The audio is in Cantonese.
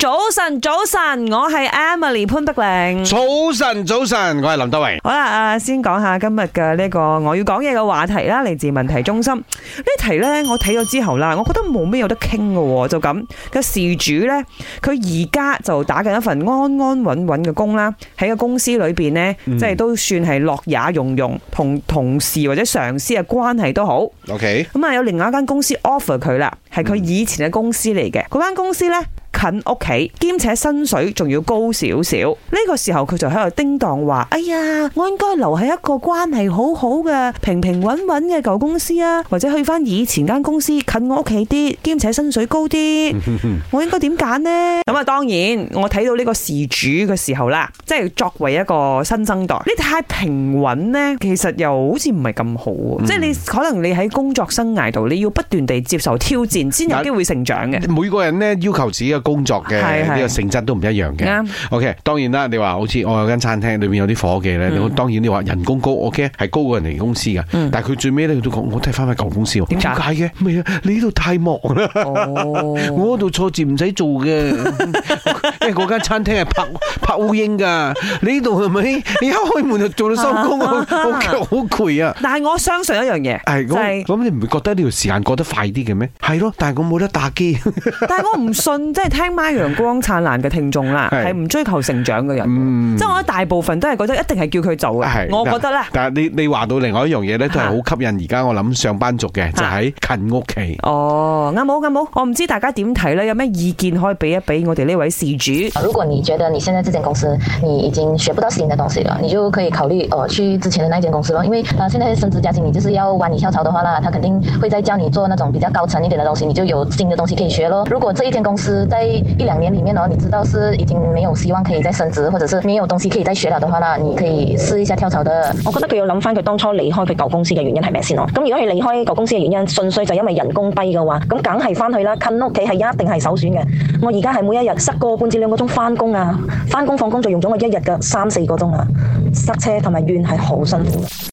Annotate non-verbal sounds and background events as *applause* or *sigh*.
早晨，早晨，我係 Emily 潘德玲。早晨，早晨，我係林德榮。好啦，阿先講下今日嘅呢個我要講嘢嘅話題啦，嚟自問題中心呢題呢，我睇咗之後啦，我覺得冇咩有得傾嘅，就咁個事主呢，佢而家就打緊一份安安穩穩嘅工啦，喺個公司裏邊呢、嗯，即係都算係樂也融融，同同事或者上司嘅關係都好。OK，咁啊有另外一間公司 offer 佢啦，係佢以前嘅公司嚟嘅，嗰、嗯、間公司呢。近屋企，兼且薪水仲要高少少。呢個時候佢就喺度叮當話，哎呀，我應該留喺一個關係好好嘅、平平穩穩嘅舊公司啊，或者去翻以前間公司近我屋企啲，兼且薪水高啲。我應該點揀呢？咁啊，當然我睇到呢個事主嘅時候啦，即係作為一個新生代，你太平穩呢，其實又好似唔係咁好。嗯、即係你可能你喺工作生涯度，你要不斷地接受挑戰，先有機會成長嘅。每個人呢要求自己嘅工。工作嘅呢個性質都唔一樣嘅。OK，當然啦，你話好似我有間餐廳裏面有啲伙計咧、嗯，當然你話人工高，OK，係高過人哋公司噶。嗯、但係佢最尾咧，佢都講，我都係翻翻舊公司喎。點解嘅？唔係啊，你呢度太忙啦、哦，我嗰度坐住唔使做嘅。 *laughs* *laughs* 嗰 *laughs* 間、欸、餐廳係拍拍烏蠅噶， *laughs* 你呢度係咪？你一開門就做到收工，我腳好攰啊！但係我相信一樣嘢，係咁，就是、你唔會覺得呢條時間過得快啲嘅咩？係、就、咯、是，但係我冇得打機。但係我唔信，即 *laughs* 係聽，媽陽聽《my 陽光燦爛》嘅聽眾啦，係唔追求成長嘅人，即、嗯、係我覺得大部分都係覺得一定係叫佢做嘅。我覺得啦。但係你你話到另外一樣嘢咧，都係好吸引，而家我諗上班族嘅，就喺、是、近屋企。哦、啊，啱好啱好，我、啊、唔、啊啊啊、知大家點睇咧，有咩意見可以俾一俾我哋呢位如果你覺得你現在這間公司你已經學不到新的東西了，你就可以考慮、呃、去之前的那間公司了，因為啊、呃，現在升職加薪，你就是要玩你跳槽的話啦，他肯定會再教你做那種比較高層一點嘅東西，你就有新的東西可以學咯。如果這一間公司在一兩年裏面你知道是已經沒有希望可以再升職，或者是沒有東西可以再學了嘅話啦，你可以試一下跳槽的。我覺得佢要諗翻佢當初離開佢舊公司嘅原因係咩先咯。咁如果佢離開舊公司嘅原因純粹就是因為人工低嘅話，咁梗係翻去啦，近屋企係一定係首選嘅。我而家係每一日塞個半。兩個鐘翻工啊，翻工放工就用咗我一日嘅三四個鐘啊，塞車同埋怨係好辛苦。